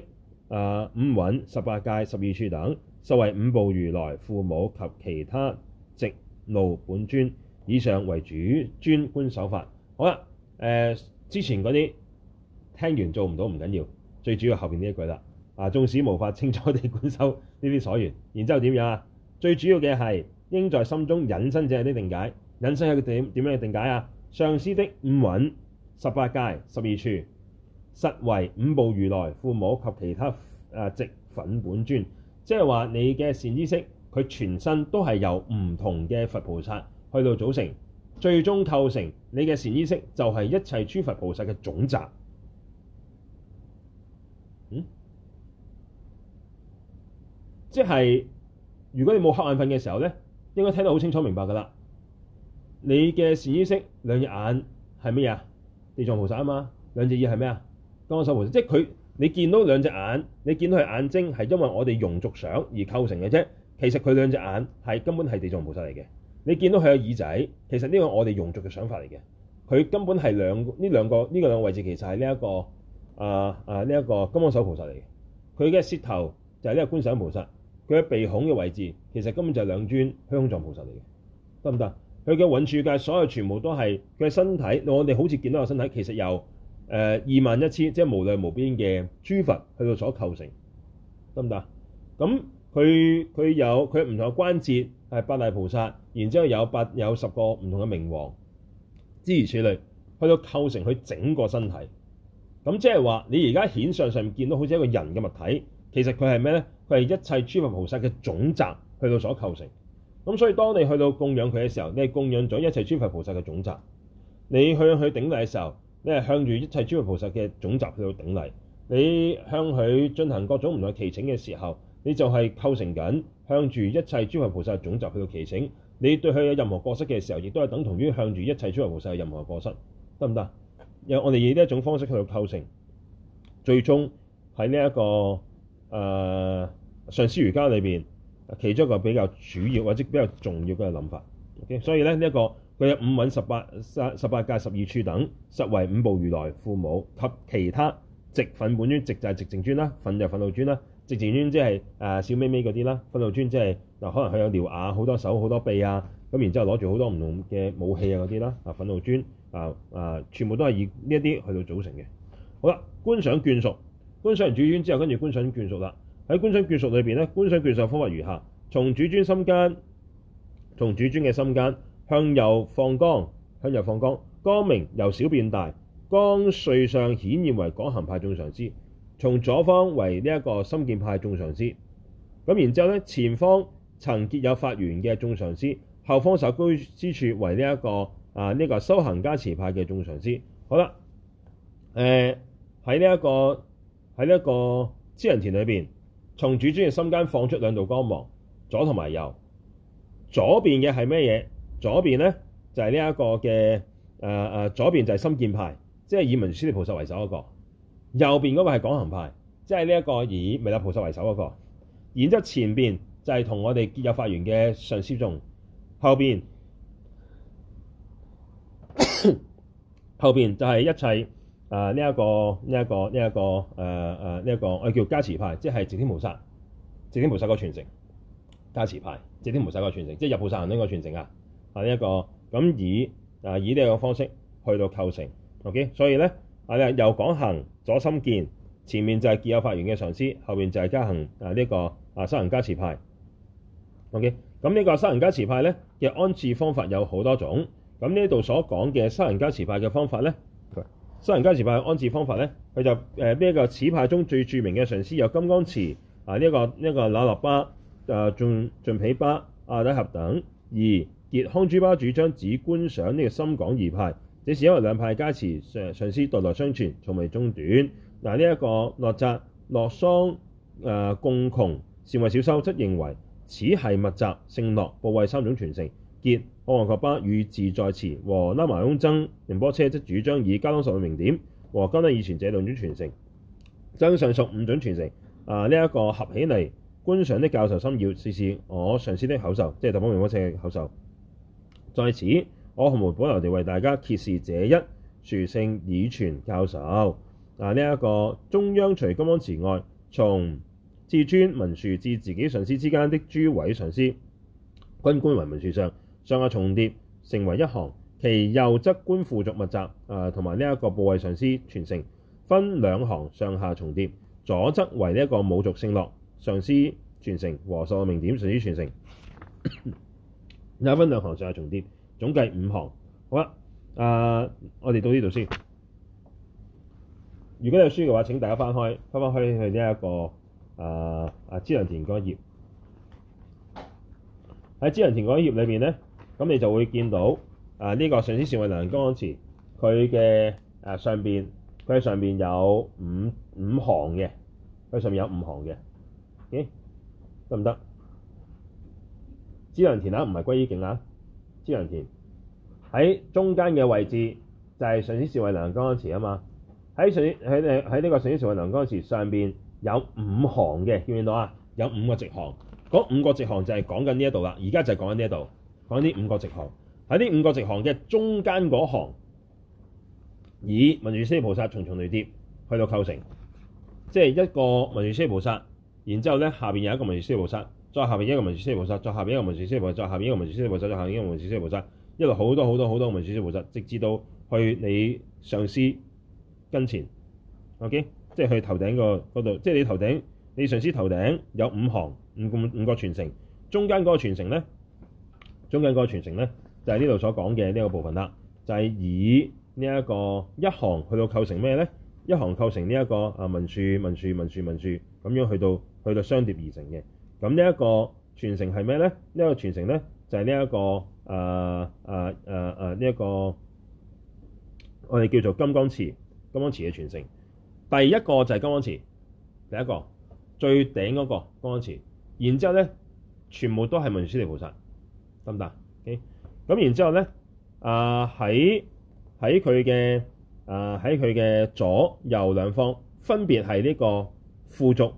啊、呃、五蘊、十八界、十二處等，實為五部如來父母及其他寂怒本尊，以上為主尊觀修法。好啦，誒、呃、之前嗰啲聽完做唔到唔緊要，最主要後邊呢一句啦。啊，縱使無法清楚地觀修呢啲所緣，然之後點樣啊？最主要嘅係。應在心中引生者啲定解，引生者嘅點點樣嘅定解啊？上師的五蘊、十八界、十二處，實為五部如來、父母及其他誒、寂忿本尊，即係話你嘅善知識，佢全身都係由唔同嘅佛菩薩去到組成，最終構成你嘅善知識就係一切諸佛菩薩嘅總集。嗯，即係如果你冇瞌眼瞓嘅時候咧？應該聽得好清楚明白㗎啦！你嘅善知識兩隻眼係咩嘢啊？地藏菩薩啊嘛，兩隻耳係咩啊？金剛手菩薩，即係佢你見到兩隻眼，你見到佢眼睛係因為我哋融俗相而構成嘅啫。其實佢兩隻眼係根本係地藏菩薩嚟嘅。你見到佢有耳仔，其實呢個是我哋融俗嘅想法嚟嘅。佢根本係兩呢兩個呢個兩個位置其實係呢一個、呃、啊啊呢一個金剛手菩薩嚟嘅。佢嘅舌頭就係呢個觀想菩薩。佢喺鼻孔嘅位置，其實根本就係兩尊香藏菩薩嚟嘅，得唔得？佢嘅蘊處界所有全部都係佢嘅身體，我哋好似見到個身體，其實由、呃、二萬一千即係無量無邊嘅諸佛去到所構成，得唔得？咁佢佢有佢唔同嘅關節係八大菩薩，然之後有八有十個唔同嘅明王，諸如此類，去到構成佢整個身體。咁即係話你而家顯相上面見到好似一個人嘅物體。其實佢係咩咧？佢係一切諸佛菩薩嘅總集，去到所構成咁。所以當你去到供養佢嘅時候，你係供養咗一切諸佛菩薩嘅總集；你向佢頂禮嘅時候，你係向住一切諸佛菩薩嘅總集去到頂禮；你向佢進行各種唔同嘅祈請嘅時候，你就係構成緊向住一切諸佛菩薩嘅總集去到祈請。你對佢有任何過失嘅時候，亦都係等同於向住一切諸佛菩薩嘅任何過失，得唔得？有我哋以呢一種方式去到構成，最終喺呢一個。誒、呃《上師瑜伽裏邊，其中一個比較主要或者比較重要嘅諗法。Okay? 所以咧呢一、這個佢有五蘊十八、十十八界十二處等，實為五部如來父母及其他寂怒本尊，寂就係寂靜尊啦，忿就忿怒尊啦，寂靜尊即係誒笑咪咪嗰啲啦，忿、呃、怒尊即係嗱可能佢有獠牙、好多手、好多臂啊，咁然之後攞住好多唔同嘅武器啊嗰啲啦，嗱忿怒尊嗱誒、呃呃、全部都係以呢一啲去到組成嘅。好啦，觀想眷屬。觀想主尊之後，跟住觀想眷屬啦。喺觀想眷屬裏邊咧，觀想眷屬方法如下：從主尊心間，從主尊嘅心間向右放光，向右放光，光明由小變大。光端上顯現為廣行派眾上師，從左方為呢一個深見派眾上師。咁然之後咧，前方曾結有法緣嘅眾上師，後方稍高之處為呢、這、一個啊呢、這個修行加持派嘅眾上師。好啦，誒喺呢一個。喺呢一個資糧田裏邊，從主尊嘅心間放出兩道光芒，左同埋右。左邊嘅係咩嘢？左邊咧就係呢一個嘅誒誒，左邊就係深見派，即係以文殊菩薩為首嗰個。右邊嗰個係廣行派，即係呢一個以彌勒菩薩為首嗰個。然之後前邊就係同我哋結有法緣嘅上師眾，後邊後邊就係一切。啊！呢、這、一個呢一、這個呢一、這個誒誒呢一個，我叫加持派，即係寂天菩薩、寂天菩薩個傳承加持派，寂天菩薩個傳承，即係入菩薩行呢個傳承啊！啊呢一、這個咁、啊、以啊以呢個方式去到構成 OK，所以咧啊，你又講行左深見前面就係結有法緣嘅上師，後面就係加行啊呢、這個啊修行加持派 OK。咁呢個修行加持派咧嘅、okay? 啊這個、安置方法有好多種，咁呢度所講嘅修行加持派嘅方法咧。修行加持派的安置方法咧，佢就誒呢一個此派中最著名嘅上師有金剛持啊，呢一個呢一個那若巴啊、種種毘巴、阿底峽等。而傑康珠巴主張只觀想呢個深廣二派，這是因為兩派加持上上師代代相傳，從未中斷。嗱呢一個洛扎、洛桑啊、呃、共窮善慧小修則認為此係密集、勝樂、怖畏三種傳承傑。我、啊、昂旺強巴與語自在慈和喇嘛雍增仁波切則主張以噶當十六明點和甘丹耳傳這兩種傳承，將上述五種傳承啊。呢、這、一個合起嚟觀想的教授深要是是我上師的口授，即係大方仁波切的口授。在此，我毫無保留地為大家揭示這一殊勝耳傳教授啊。呢、這、一個中央除金剛持外，從至尊文殊至自己上師之間的諸位上師、均觀為文殊相。上下重疊成為一行，其右側觀父續密集啊，同埋呢一個怖畏上師傳承，分兩行上下重疊。左側為呢一個母續勝樂上師傳承，和十六明點上師傳承。又 分兩行上下重疊，總計五行。好啦，啊、呃，我哋到呢度先。如果有書嘅話，請大家翻開，翻翻去去、這個呃、呢一個啊啊支棱田嗰頁。喺支棱田嗰頁裏面咧。咁你就會見到啊，呢、這個《上師善慧能仁金剛持》佢嘅誒上面，佢上面有五五行嘅，佢上面有五行嘅。咦、欸，得唔得？啊《資、啊、糧田》就是、啊，唔係《歸依境》啊，《資糧田》喺中間嘅位置就係《上師善慧能仁金剛持》啊嘛。喺《喺喺呢個《上師善慧能仁金剛持》上面，有五行嘅，見唔見到啊？有五個直行，嗰五個直行就係講緊呢一度啦。而家就係講緊呢一度。放啲五個直行喺啲五個直行嘅中間嗰行，以文殊師菩薩重重累疊去到構成，即係一個文殊師菩薩，然之後咧下面有一個文殊師利菩薩，再下邊一個文殊師菩薩，再下邊一個文殊師菩薩，再下邊一個文殊師菩薩，再下一個文殊師菩薩，一路好多好多好多文殊師菩薩，直至到去你上司跟前，OK？即係去頭頂個嗰度，即係你頭頂，你上司頭頂有五行，五個五個全城，中間嗰個全城咧。中間個傳承咧，就係呢度所講嘅呢個部分啦，就係、是、以呢一個一行去到構成咩咧？一行構成呢一個啊文殊文殊文殊文殊咁樣去到去到相疊而成嘅。咁呢一個傳承係咩咧？呢、這個傳承咧就係呢一個誒誒誒誒呢一個我哋叫做金剛持，金剛持嘅傳承。第一個就係金剛持，第一個最頂嗰、那個金剛持，然之後咧全部都係文殊師利菩薩。咁大，咁然之後咧，啊喺喺佢嘅啊喺佢嘅左右兩方，分別係呢個父續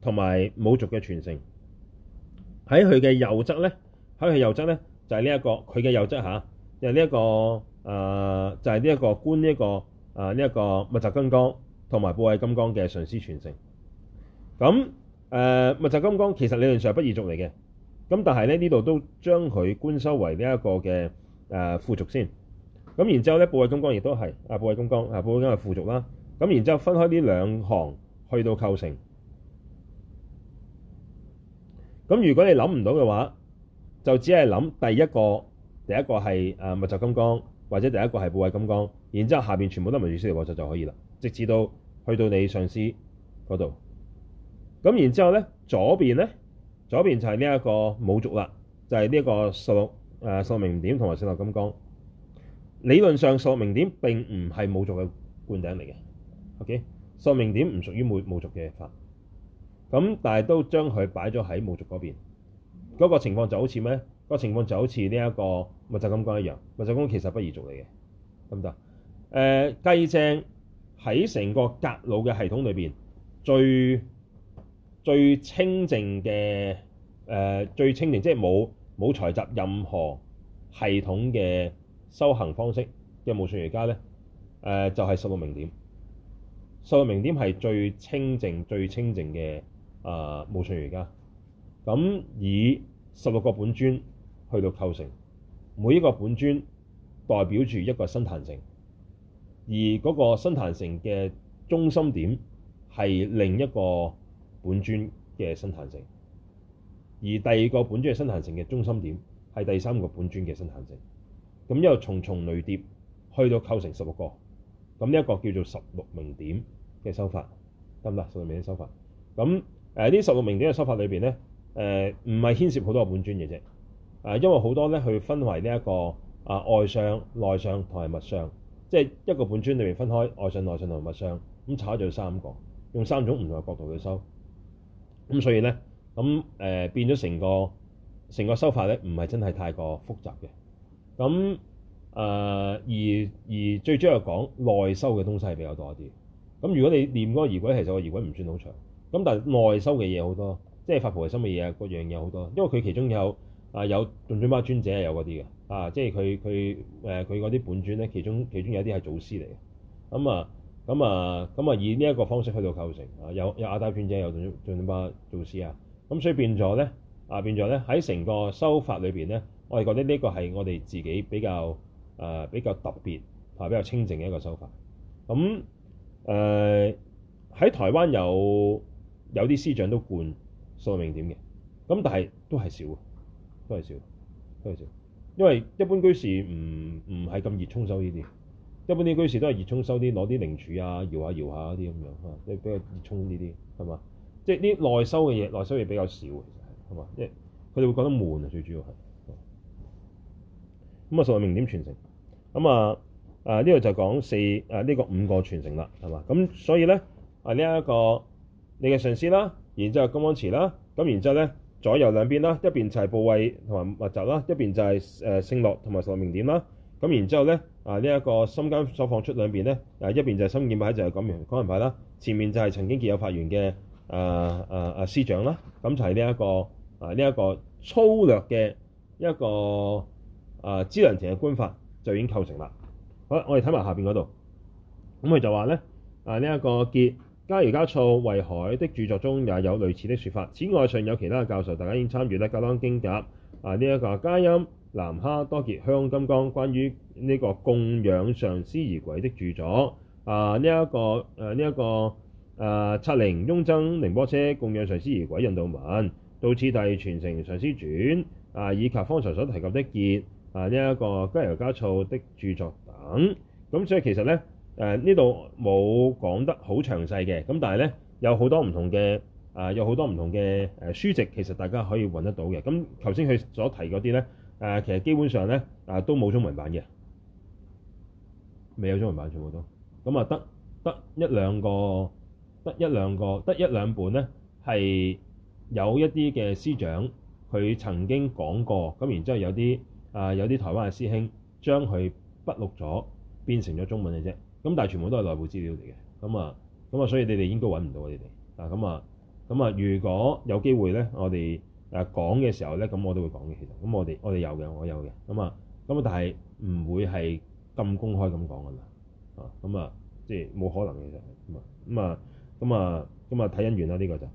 同埋母續嘅傳承。喺佢嘅右側咧，喺佢右側咧就係呢一個佢嘅右側嚇，就係呢一個啊，就係呢一個觀呢一個啊呢一個密集金剛同埋怖畏金剛嘅上師傳承。咁誒密集金剛其實理論上係不二續嚟嘅。咁但係咧呢度都將佢觀修為呢一個嘅誒、呃、附屬先，咁然之後咧怖畏金剛亦都係啊怖畏金剛啊怖畏金剛係附屬啦，咁然之後分開呢兩行去到構成，咁如果你諗唔到嘅話，就只係諗第一個，第一個係誒密集金剛或者第一個係怖畏金剛，然之後下面全部都係密集式嘅鑊石就可以啦，直至到去到你上師嗰度，咁然之後咧左邊咧。左邊就係呢一個母續啦，就係呢一個十六，誒十六明點同埋勝樂金剛。理論上十六明點並唔係母續嘅灌頂嚟嘅，OK？十六明點唔屬於母母續嘅法。咁但係都將佢擺咗喺母續嗰邊。嗰、那個情況就好似咩？嗰、那個情況就好似呢一個密集金剛一樣，密集金剛其實不二續嚟嘅，得唔得？誒、呃、計正喺成個格魯嘅系統裏面最。最清淨嘅誒、呃，最清淨即係冇冇採集任何系統嘅修行方式嘅無上瑜伽咧，誒就係十六明點。十六明點係最清淨、最清淨嘅啊！無上瑜伽，咁以十六個本尊去到構成每一個本尊，代表住一個新壇城。而嗰個新壇城嘅中心點係另一個。本尊嘅生行性，而第二個本尊嘅生行性嘅中心點係第三個本尊嘅生行性，咁又重重累疊去到構成十六個，咁呢一個叫做十六明點嘅修法得唔得？十六明點修法，咁誒呢十六明點嘅修法裏邊咧誒，唔、呃、係牽涉好多個本尊嘅啫，誒、呃、因為好多咧，佢分為呢、這、一個啊、呃、外相、內相同埋密相，即、就、係、是、一個本尊裏邊分開外相、內相同埋密相，咁拆咗三個，用三種唔同嘅角度去修。咁所以咧，咁誒、呃、變咗成個成個修法咧，唔係真係太過複雜嘅。咁誒、呃、而而最主要係講內修嘅東西係比較多啲。咁如果你念嗰個儀軌，其實個儀軌唔算好長。咁但係內修嘅嘢好多，即係發菩提嘅心嘅嘢，各樣嘢好多。因為佢其中有啊有種毘巴尊者有嗰啲嘅，啊，啊即係佢佢誒佢嗰啲本尊咧，其中其中有啲係祖師嚟嘅。咁啊。咁啊，咁啊、嗯嗯嗯，以呢一個方式去到構成啊，有有阿底峽尊者，有仲有仲敦巴祖師啊，咁、啊、所以變咗咧，啊變咗咧，喺成個修法裏面咧，我哋覺得呢個係我哋自己比較、呃、比較特別同埋、啊、比較清淨嘅一個修法。咁誒喺台灣有有啲師長都灌宿命點嘅，咁、嗯、但係都係少，都係少，都係少，因為一般居士唔唔係咁熱衷修呢啲。一般啲居士都係熱衷收啲攞啲鈴杵啊，搖下搖下啲咁樣，即係比較熱衷呢啲，係嘛？即係啲內收嘅嘢，內收嘢比較少，其實係，係嘛？即係佢哋會覺得悶啊，最主要係。咁啊，十六明點傳承，咁、嗯、啊，啊呢度、啊、就講四啊呢、呢個五個傳承啦，係嘛？咁所以咧啊呢一、呢個你嘅上師啦，然之後金剛持啦，咁然之後咧左右兩邊啦，一邊就係怖畏同埋密集啦，一邊就係誒勝樂同埋十六明點啦。咁然之後咧，啊呢一、這個心間所放出兩邊咧，啊一邊就係深見派，就係廣行廣行派啦；前面就係曾經結有法緣嘅，啊啊司啊師長啦，咁就係呢一個，啊呢一、這個粗略嘅一個，啊資糧田嘅觀法就已經構成啦。好，我哋睇埋下邊嗰度，咁佢就話咧，啊呢一、這個傑·喜饒嘉措慧海的著作中也有類似的說法。此外尚有其他教授，大家應參考咧，噶當經函啊呢一、這個家音。南喀多傑虛空金剛關於呢個供養上師儀軌的著作啊，呢、呃、一、這個誒呢一個誒、呃、彩林雍增仁波切供養上師儀軌引導文道次第傳承上師傳啊、呃、以及方才所提及的傑啊呢一個喜饒嘉措的著作等，咁，所以其實咧，誒呢度冇講得好詳細嘅，咁，但係咧有好多唔同嘅啊、呃、有好多唔同嘅誒書籍其實大家可以揾得到嘅，咁頭先佢所提嗰啲咧。誒、啊，其實基本上咧，誒、啊、都冇中文版嘅，未有中文版，的沒有中文版全部都，咁啊得得一兩個，得一兩個，得一兩本咧，係有一啲嘅師長佢曾經講過，咁然之後有啲啊有啲台灣嘅師兄將佢筆錄咗變成咗中文嘅啫，咁但係全部都係內部資料嚟嘅，咁啊咁啊，所以你哋應該揾唔到你哋，啊咁啊咁啊，如果有機會咧，我哋。誒講嘅時候咧，咁我都會講嘅，其實咁我哋我哋有嘅，我有嘅咁啊，咁啊，但係唔會係咁公開咁講噶啦，啊，咁啊，即係冇可能嘅，其實咁啊，咁啊，咁啊，咁啊，睇因緣啦，呢、啊啊這個就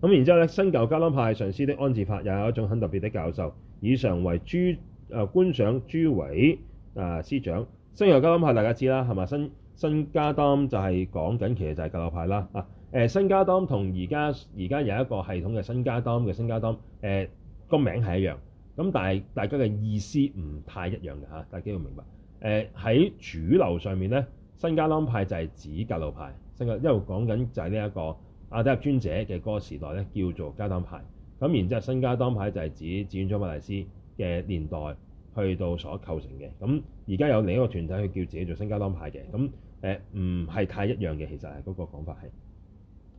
咁然之後咧，新舊噶當派上師的安置法又係一種很特別的教授，以上為諸誒、呃、觀想諸位誒師長。新舊噶當派大家知啦，係嘛？新新噶當就係講緊其實就係格魯派啦，啊誒新噶當同而家，而家有一個系統嘅新噶當嘅新噶當誒個名係一樣咁，但係大家嘅意思唔太一樣嘅嚇，大家要明白。誒，喺主流上面咧，新噶當派就係指格魯派新噶，因為講緊就係呢一個阿底峽尊者嘅嗰個時代咧，叫做噶當派咁，然之後新噶當派就係指宗喀巴大師嘅年代去到所構成嘅咁。而家有另一個團體去叫自己做新噶當派嘅咁誒，唔係太一樣嘅，其實係嗰個講法係。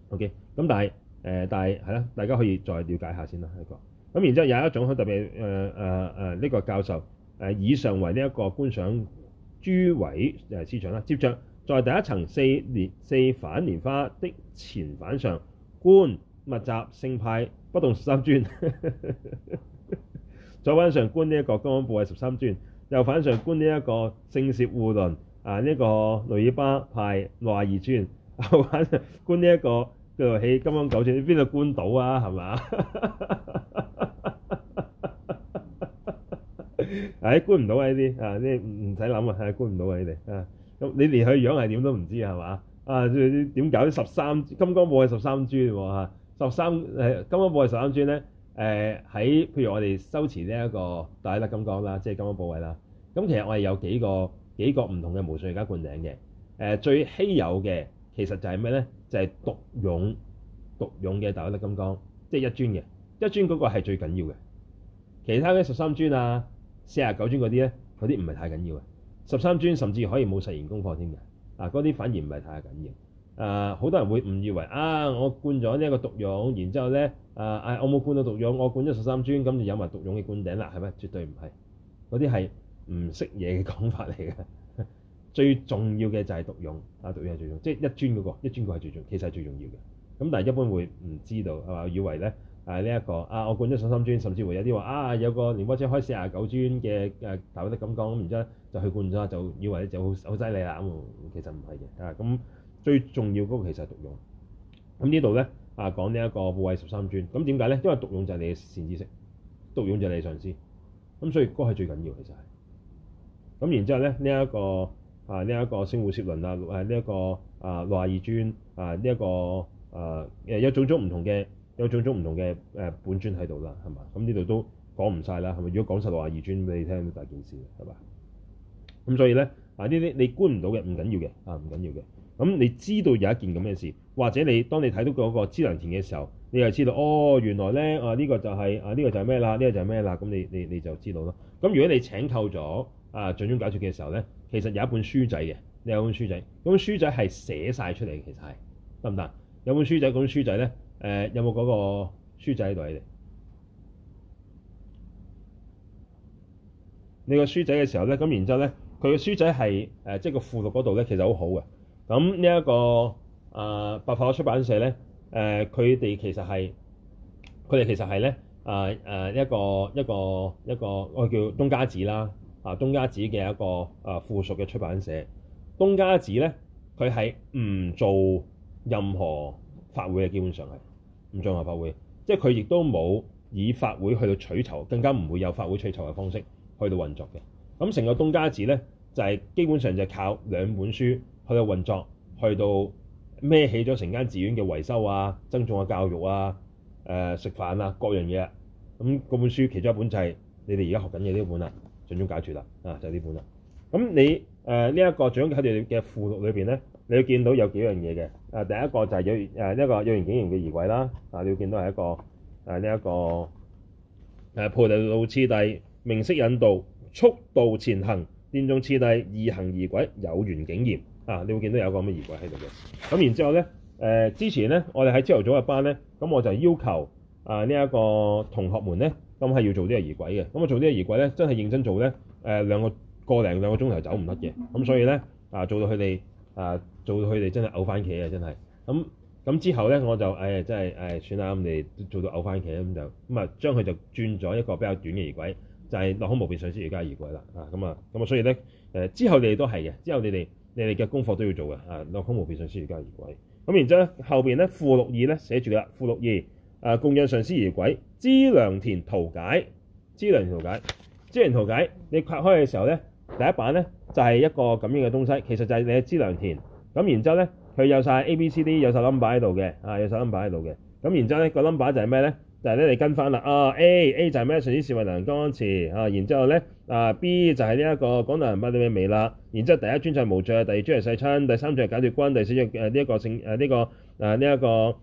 OK，咁但係誒、呃，但係係啦，大家可以再了解一下先啦呢個。咁然之後有一種特別，特別誒誒誒，呢、呃呃這個教授誒、呃、以上為呢一個觀想諸位誒師長啦。接著在第一層四蓮四瓣蓮花的前瓣上觀密集聖派不動十三尊呵呵。左瓣上觀呢一個金剛怖畏十三尊，右瓣上觀呢一個總攝輪啊，呢、呃這個魯伊巴派六十二尊。玩觀呢一個叫做起金剛九轉，邊度觀到啊？係嘛？誒觀唔到啊！呢啲啊呢唔唔使諗啊，係觀唔到啊！你哋啊咁你連佢樣係點都唔知係嘛？啊點點搞十三金剛部位十三尊喎，十三誒金剛部位十三尊咧，誒喺譬如我哋收持呢一個大粒金剛啦，即係金剛部位啦。咁其實我哋有幾個幾個唔同嘅無序家灌頂嘅誒最稀有嘅。其實就係咩咧？就係獨勇、獨勇嘅大德金剛，即、就、係、是、一尊嘅。一尊嗰個係最緊要嘅，其他嘅十三尊啊、四十九尊嗰啲咧，嗰啲唔係太緊要嘅。十三尊甚至可以冇實驗功課添嘅，嗱，嗰啲反而唔係太緊要的。誒、呃，好多人會誤以為啊，我灌咗呢一個獨勇，然之後咧誒誒，我冇灌到獨勇，我灌咗十三尊，咁就有埋獨勇嘅灌頂啦，係咪？絕對唔係，嗰啲係唔識嘢嘅講法嚟嘅。最重要嘅就係讀用啊，讀用係最重要嘅，即係一尊嗰個一尊個係最重嘅，其實係最重要嘅。咁但係一般會唔知道啊，以為咧啊呢一個啊我灌咗十三尊，甚至乎有啲話啊有個仁波切開四十九尊嘅誒大德咁講，咁然之後就去灌咗，就以為就好好犀利啦。咁其實唔係嘅啊。咁最重要嗰個其實係讀用。咁、啊、呢度咧啊講呢一個部位十三尊。咁點解咧？因為讀用就係你嘅善知識，讀用就係你嘅上司。咁所以嗰個係最緊要、就係，其實係。咁然之後咧呢一個。啊！呢、這、一個總攝輪啦，係呢一個啊六十二尊啊，呢、這個啊啊這個啊、一個有種種唔同嘅有種種唔同嘅誒本尊喺度啦，係嘛？咁呢度都講唔晒啦，係咪？如果講晒六十二尊俾你聽都大件事係嘛？咁所以咧啊，呢啲你觀唔到嘅唔緊要嘅啊，唔緊要嘅。咁、啊啊、你知道有一件咁嘅事，或者你當你睇到嗰個資糧田嘅時候，你就知道哦，原來咧啊呢、這個就係、是、啊呢、這個就係咩啦？呢、這個就係咩啦？咁、這個、你你你就知道啦。咁如果你請購咗啊，最終解決嘅時候咧。其實有一本書仔嘅，你有一本書仔，嗰本書仔係寫晒出嚟，其實係得唔得？有本書仔，嗰本書仔咧，誒、呃、有冇嗰個書仔喺度？你哋，你個書仔嘅時候咧，咁然之後咧，佢嘅書仔係誒、呃，即係個附錄嗰度咧，其實好好嘅。咁呢一個啊，百、呃、花出版社咧，誒、呃，佢哋其實係，佢哋其實係咧，誒、呃、誒、呃、一個一個一個，我叫東家子啦。啊，東家子嘅一個啊附屬嘅出版社。東家子咧，佢係唔做任何法會嘅，基本上係唔做任何法會，即係佢亦都冇以法會去到取籌，更加唔會有法會取籌嘅方式去到運作嘅。咁成個東家子咧，就係、係、基本上就係靠兩本書去到運作，去到孭起咗成間寺院嘅維修啊、增重啊、教育啊、呃、食飯啊各樣嘢、啊。咁嗰本書其中一本就係你哋而家學緊嘅呢本啦、啊。掌中解脫啦，啊就係、是，呃這個、呢本啦。咁你誒呢一個獎卡裏嘅附錄裏邊咧，你會見到有幾樣嘢嘅。啊，第一個就係有誒呢一個有緣景現嘅儀軌啦。啊，你會見到係一個誒呢一個誒菩提道次第明晰引導速度前行變中次第易行儀軌有緣景現，啊，你會見到有個咁嘅儀軌喺度嘅。咁然之後咧，誒、呃、之前咧，我哋喺朝頭早嘅班咧，咁我就要求啊呢一、這個同學們咧。咁係要做啲儀軌嘅，咁啊做啲儀軌咧，真係認真做咧，誒、呃、兩個個零兩個鐘頭走唔甩嘅，咁、嗯、所以咧啊做到佢哋啊做到佢哋真係嘔番茄啊，真係，咁咁之後咧我就唉、哎、真係唉、哎、算啦，咁你做到嘔番茄咁，就咁啊將佢就轉咗一個比較短嘅儀軌，就係落空無變上師瑜伽儀軌啦，啊咁啊咁啊所以咧誒之後你哋都係嘅，之後你哋你哋嘅功課都要做嘅，啊落空無變上師瑜伽儀軌，咁然之後咧後邊咧附錄二咧寫住啦，附錄二啊供養上師儀軌。知良田圖解，知良田圖解，知良田圖解，你拆開嘅時候咧，第一版咧就係、是、一個咁樣嘅東西，其實就係你嘅知良田，咁然之後咧佢有晒 A、B、C、D，有晒 number 喺度嘅，啊有晒 number 喺度嘅，咁然之後咧、這個 number 就係咩咧？但係咧， 就是、你跟翻啦啊，A A 就係咩？a 先 c h e s t 維安池啊，然之後咧啊 B 就係呢一個廣東人麥當美未啦，然之後第一尊就係無著，第二尊係世親，第三尊係解脫軍，第四尊誒呢一個勝誒呢個誒呢一個誒誒誒誒誒誒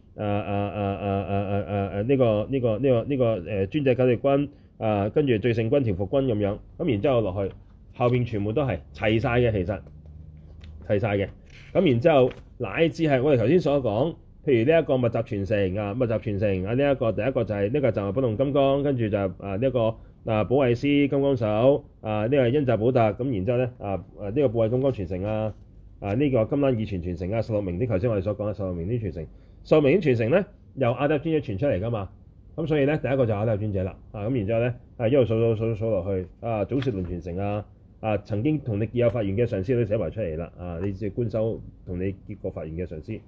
誒誒呢個呢個呢個呢個誒專制解脫軍啊，跟住、啊、最勝軍調伏軍咁樣，咁然之後落去後邊全部都係齊晒嘅，其實齊晒嘅，咁然之後乃至係我哋頭先所講譬如呢一個密集傳承啊，密集傳承啊，呢一個第一個就係呢個就係本龍金剛，跟住就啊呢一個啊寶慧師金剛手啊呢個因集寶達，咁然之後咧啊啊呢個怖畏金剛傳承啊啊呢個甘丹耳傳傳承啊，十六明點頭先我哋所講嘅十六明點傳承，十六明點傳承咧由阿德尊者傳出嚟噶嘛，咁所以咧第一個就阿德尊者啦，啊咁然之後咧啊一路數數數數落去啊祖師們傳承啊啊曾經同你結有法緣嘅上師都寫埋出嚟啦，啊你只要觀修同你結過法緣嘅上師。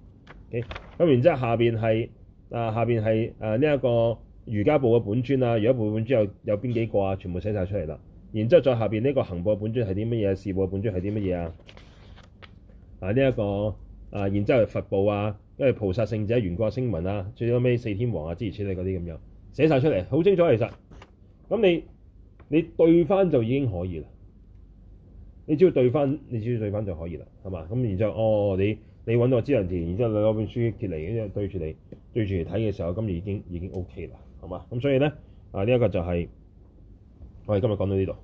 咁然之後下邊係啊下邊係誒呢一個瑜伽部嘅本尊啊，瑜伽部本尊有有邊幾個啊？全部寫晒出嚟啦。然之後再下邊呢個行部嘅本尊係啲乜嘢？事部嘅本尊係啲乜嘢啊？啊呢一個啊，然之後是佛部啊，因為菩薩聖者、緣覺聲聞啊，最尾四天王啊之類嗰啲咁樣寫晒出嚟，好清楚其實。咁你你對翻就已經可以啦。你只要對翻，你只要對翻就可以啦，係嘛？咁然之後，哦你。你揾到個知人字，然之後你攞本書揭嚟，跟住對住你對住你睇嘅時候，咁已經已經 OK 啦，係嘛？咁所以呢，呢一個就係我哋今日講到呢度。